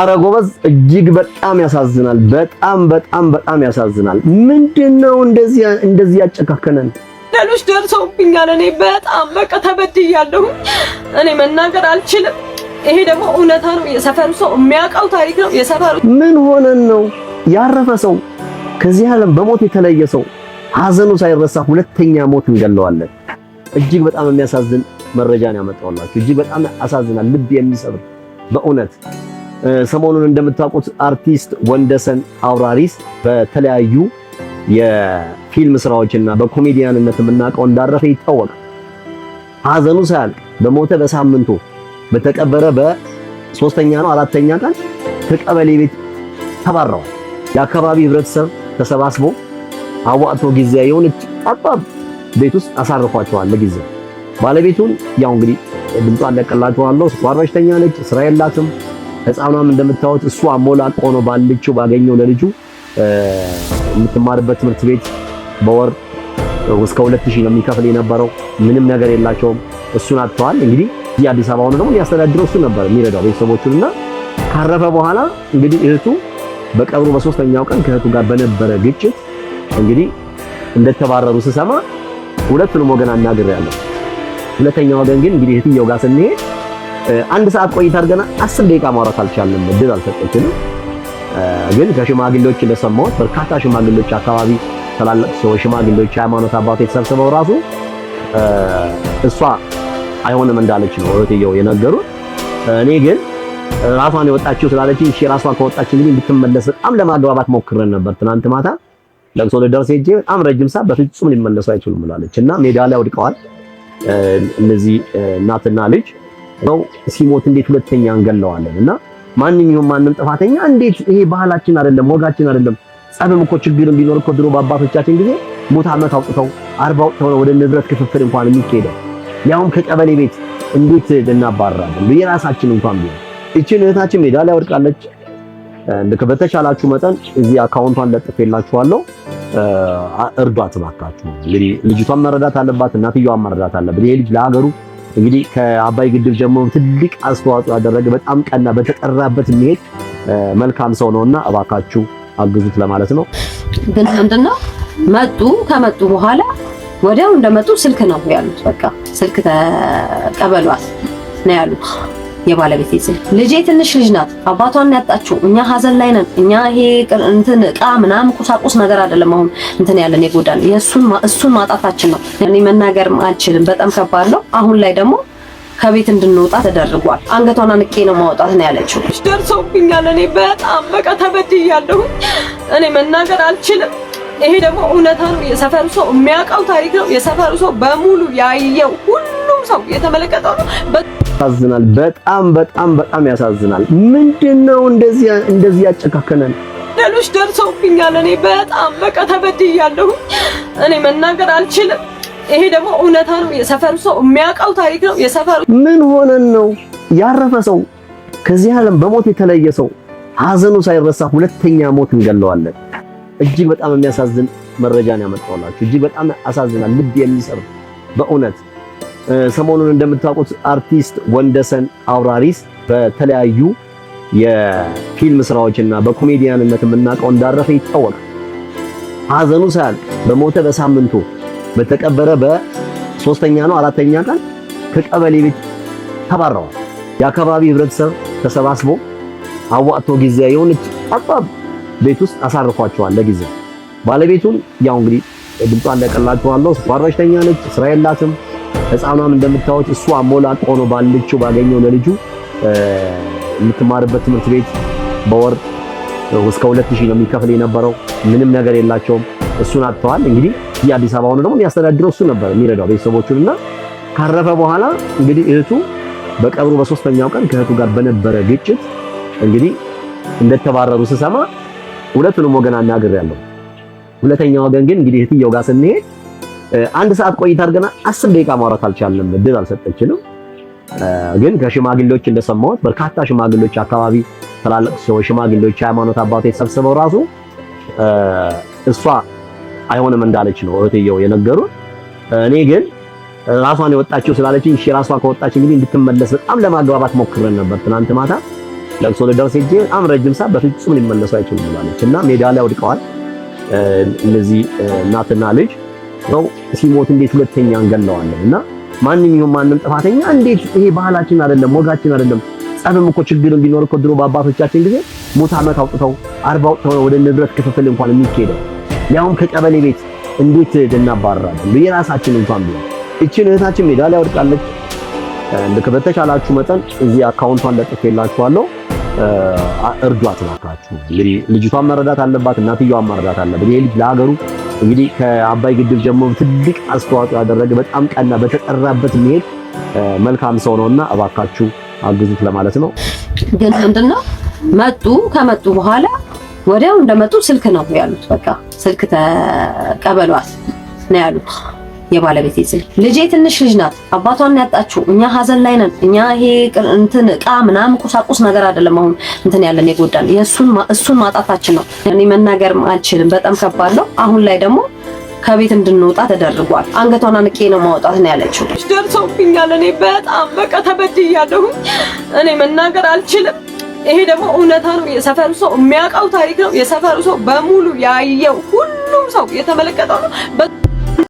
አረ ጎበዝ፣ እጅግ በጣም ያሳዝናል። በጣም በጣም በጣም ያሳዝናል። ምንድነው እንደዚህ እንደዚህ ያጨካከነን? ሌሎች ደርሰውብኛል። እኔ በጣም በቃ ተበድያለሁ። እኔ መናገር አልችልም። ይሄ ደግሞ እውነታ ነው። የሰፈሩ ሰው የሚያውቀው ታሪክ ነው። የሰፈሩ ምን ሆነን ነው ያረፈ ሰው ከዚህ ዓለም በሞት የተለየ ሰው ሀዘኑ ሳይረሳ ሁለተኛ ሞት እንገለዋለን። እጅግ በጣም የሚያሳዝን መረጃ ነው ያመጣሁላችሁ። እጅግ በጣም ያሳዝናል። ልብ የሚሰብር በእውነት ሰሞኑን እንደምታውቁት አርቲስት ወንደሰን አውራሪስ በተለያዩ የፊልም ስራዎችና በኮሜዲያንነት የምናውቀው እንዳረፈ ይታወቃል። ሀዘኑ ሳያልቅ በሞተ በሳምንቱ በተቀበረ በሶስተኛ ነው አራተኛ ቀን ከቀበሌ ቤት ተባረዋል። የአካባቢ ህብረተሰብ ተሰባስቦ አዋጥቶ ጊዜያ የሆነች ጠባብ ቤት ውስጥ አሳርፏቸዋል። ለጊዜው ባለቤቱን ያው እንግዲህ ድምጿን ለቀላችኋለሁ። ስኳር በሽተኛ ነች፣ ስራ የላትም። ህፃኗም እንደምታዩት እሱ አሞላቅ ሆኖ ባለችው ባገኘው ለልጁ የምትማርበት ትምህርት ቤት በወር እስከ 2000 ነው የሚከፍል የነበረው። ምንም ነገር የላቸውም። እሱን አጥተዋል። እንግዲህ እዚህ አዲስ አበባ ሆኖ ደግሞ ሊያስተዳድረው እሱ ነበር የሚረዳው እና ካረፈ በኋላ እንግዲህ እህቱ በቀብሩ በሶስተኛው ቀን ከእህቱ ጋር በነበረ ግጭት እንግዲህ እንደተባረሩ ስሰማ ሁለቱንም ወገን አናግሬያለሁ። ሁለተኛ ወገን ግን እንግዲህ እህትየው ጋር ስንሄድ አንድ ሰዓት ቆይታ አድርገና አስር ደቂቃ ማውራት አልቻልንም፣ እድል አልሰጠችንም። ግን ከሽማግሌዎች እንደሰማሁት በርካታ ሽማግሌዎች አካባቢ ታላላቅ ሰዎች፣ ሽማግሌዎች፣ ሃይማኖት አባቶች ተሰብስበው ራሱ እሷ አይሆንም እንዳለች ነው እህትየው የነገሩት። እኔ ግን ራሷን የወጣችው ስላለች እሺ፣ ራሷን ከወጣች እንግዲህ ልትመለስ በጣም ለማግባባት ሞክረን ነበር። ትናንት ማታ ለቅሶ ልደርስ ሄጄ በጣም ረጅም ሰዓት በፍጹም ሊመለሱ አይችሉም ብላለች እና ሜዳ ላይ ወድቀዋል እነዚህ እናትና ልጅ ነው ሲሞት እንዴት ሁለተኛ እንገለዋለን? እና ማንኛውም ማንም ጥፋተኛ እንዴት ይሄ ባህላችን አይደለም ወጋችን አይደለም። ጸብም እኮ ችግርም ቢኖር እኮ ድሮ በአባቶቻችን ጊዜ ሞት ዓመት አውጥተው አርባ አውጥተው ነው ወደ ንብረት ክፍፍል እንኳን የሚካሄደው ያውም ከቀበሌ ቤት እንዴት እናባራለን? የራሳችን እንኳን ቢሆን እቺን እህታችን ሜዳ ላይ ወድቃለች። በተሻላችሁ መጠን እዚህ አካውንቷን ለጥፌላችኋለሁ፣ እርዷት እባካችሁ። እንግዲህ ልጅቷን መረዳት አለባት፣ እናትየዋን መረዳት አለበት። ይሄ ልጅ ለሀገሩ እንግዲህ ከአባይ ግድብ ጀምሮ ትልቅ አስተዋጽኦ ያደረገ በጣም ቀና በተጠራበት የሚሄድ መልካም ሰው ነውና እባካችሁ አግዙት ለማለት ነው። ግን ምንድነው መጡ ከመጡ በኋላ ወዲያው እንደመጡ ስልክ ነው ያሉት። በቃ ስልክ ተቀበሏት ነው ያሉት። የባለቤት ስልክ። ልጄ ትንሽ ልጅ ናት፣ አባቷን ያጣችው። እኛ ሀዘን ላይ ነን። እኛ ይሄ እንትን እቃ ምናምን ቁሳቁስ ነገር አይደለም አሁን እንትን ያለን ይጎዳል። እሱን ማጣታችን ነው። እኔ መናገርም አልችልም። በጣም ከባድ ነው። አሁን ላይ ደግሞ ከቤት እንድንወጣ ተደርጓል። አንገቷን አንቄ ነው ማውጣት ነው ያለችው። ደርሶብኛል። እኔ በጣም በቃ ተበድያለሁ። እኔ መናገር አልችልም። ይሄ ደግሞ እውነታ ነው። የሰፈሩ ሰው የሚያውቀው ታሪክ ነው። የሰፈሩ ሰው በሙሉ ያየው ሁሉም ሰው የተመለከተው ነው። ያሳዝናል። በጣም በጣም በጣም ያሳዝናል። ምንድነው እንደዚህ እንደዚህ ያጨካከነን? ሌሎች ደርሰውብኛል። እኔ በጣም በቃ ተበድያለሁ። እኔ መናገር አልችልም። ይሄ ደግሞ እውነታ ነው። የሰፈሩ ሰው የሚያውቀው ታሪክ ነው። የሰፈሩ ምን ሆነን ነው ያረፈ ሰው ከዚህ ዓለም በሞት የተለየ ሰው ሀዘኑ ሳይረሳ ሁለተኛ ሞት እንገለዋለን። እጅግ በጣም የሚያሳዝን መረጃ ነው ያመጣሁላችሁ። እጅግ በጣም አሳዝናል፣ ልብ የሚሰር በእውነት ሰሞኑን እንደምታውቁት አርቲስት ወንደሰን አውራሪስ በተለያዩ የፊልም ስራዎችና በኮሜዲያንነት የምናውቀው እንዳረፈ ይታወቃል። ሀዘኑ ሳያልቅ በሞተ በሳምንቱ በተቀበረ በሶስተኛ ነው አራተኛ ቀን ከቀበሌ ቤት ተባረዋል። የአካባቢ ህብረተሰብ ተሰባስቦ አዋጥቶ ጊዜ የሆነች አጣብ ቤት ውስጥ አሳርፏቸዋል ለጊዜ። ባለቤቱን ያው እንግዲህ ድምጧን ለቀላችኋለሁ። ስኳር በሽተኛ ነች፣ ስራ የላትም። ህፃኗም እንደምታዩት እሱ አሞላጦ ነው ባለችው ባገኘው ለልጁ የምትማርበት ትምህርት ቤት በወር እስከ 2000 ነው የሚከፍል የነበረው። ምንም ነገር የላቸውም። እሱን አጥተዋል። እንግዲህ የአዲስ አበባ ነው ደግሞ የሚያስተዳድረው እሱ ነበር የሚረዳው ቤተሰቦቹን ካረፈ በኋላ እንግዲህ እህቱ በቀብሩ በሶስተኛው ቀን ከእህቱ ጋር በነበረ ግጭት እንግዲህ እንደተባረሩ ስሰማ ሁለቱንም ወገን አናግሬያለሁ። ሁለተኛ ወገን ግን እንግዲህ እህትየው ጋር ስንሄድ አንድ ሰዓት ቆይታ አድርገና አስር ደቂቃ ማውራት አልቻለም እድል አልሰጠችንም። ግን ከሽማግሌዎች እንደሰማሁት በርካታ ሽማግሌዎች አካባቢ ትላልቅ ሰዎች ሽማግሌዎች፣ ሃይማኖት አባቶች ሰብስበው ራሱ እሷ አይሆንም እንዳለች ነው እህትየው የነገሩን። እኔ ግን ራሷን የወጣችው ስላለችኝ እሺ ራሷ ከወጣች እንግዲህ እንድትመለስ በጣም ለማግባባት ሞክረን ነበር ትናንት ማታ ለቅሶ ልደርስ ሄጄ በጣም ረጅም ሰዓት በፍጹም ሊመለሱ አይችሉም ብላለች እና ሜዳ ላይ ወድቀዋል። እነዚህ እናትና ልጅ ነው ሲሞት እንዴት ሁለተኛ እንገለዋለን? እና ማንም ይሁን ማንም ጥፋተኛ እንዴት ይሄ ባህላችን አይደለም ወጋችን አይደለም። ጸብም እኮ ችግር ቢኖር እኮ ድሮ በአባቶቻችን ጊዜ ሞት ዓመት አውጥተው አርባ አውጥተው ወደ ንብረት ክፍፍል እንኳን የሚካሄደው ያውም ከቀበሌ ቤት እንዴት እናባረራለን? የራሳችን እንኳን ቢሆን እችን እህታችን ሜዳ ላይ ወድቃለች። በተቻላችሁ መጠን እዚህ አካውንቷን ለጥፌላችኋለሁ። እርዷት እባካችሁ። እንግዲህ ልጅቷን መረዳት አለባት፣ እናትየዋን መረዳት አለበት። ይሄ ልጅ ለሀገሩ እንግዲህ ከአባይ ግድብ ጀምሮ ትልቅ አስተዋጽኦ ያደረገ በጣም ቀና በተጠራበት መሄድ መልካም ሰው ነው እና እባካችሁ አግዙት ለማለት ነው። ግን ምንድን ነው መጡ ከመጡ በኋላ ወዲያው እንደመጡ ስልክ ነው ያሉት። በቃ ስልክ ተቀበሏት ነው ያሉት። የባለቤቴ ጽጌ ልጄ ትንሽ ልጅ ናት። አባቷን ያጣችው እኛ ሀዘን ላይ ነን። እኛ ይሄ እንትን እቃ ምናምን ቁሳቁስ ነገር አይደለም አሁን እንትን ያለን የጎዳን እሱን ማጣታችን ነው። እኔ መናገር አልችልም። በጣም ከባድ ነው። አሁን ላይ ደግሞ ከቤት እንድንወጣ ተደርጓል። አንገቷን አንቄ ነው ማውጣት ነው ያለችው። ደርሶብኛል። እኔ በጣም በቃ ተበድያለሁ። እኔ መናገር አልችልም። ይሄ ደግሞ እውነታ ነው። የሰፈሩ ሰው የሚያውቀው ታሪክ ነው። የሰፈሩ ሰው በሙሉ ያየው ሁሉም ሰው የተመለከተው ነው።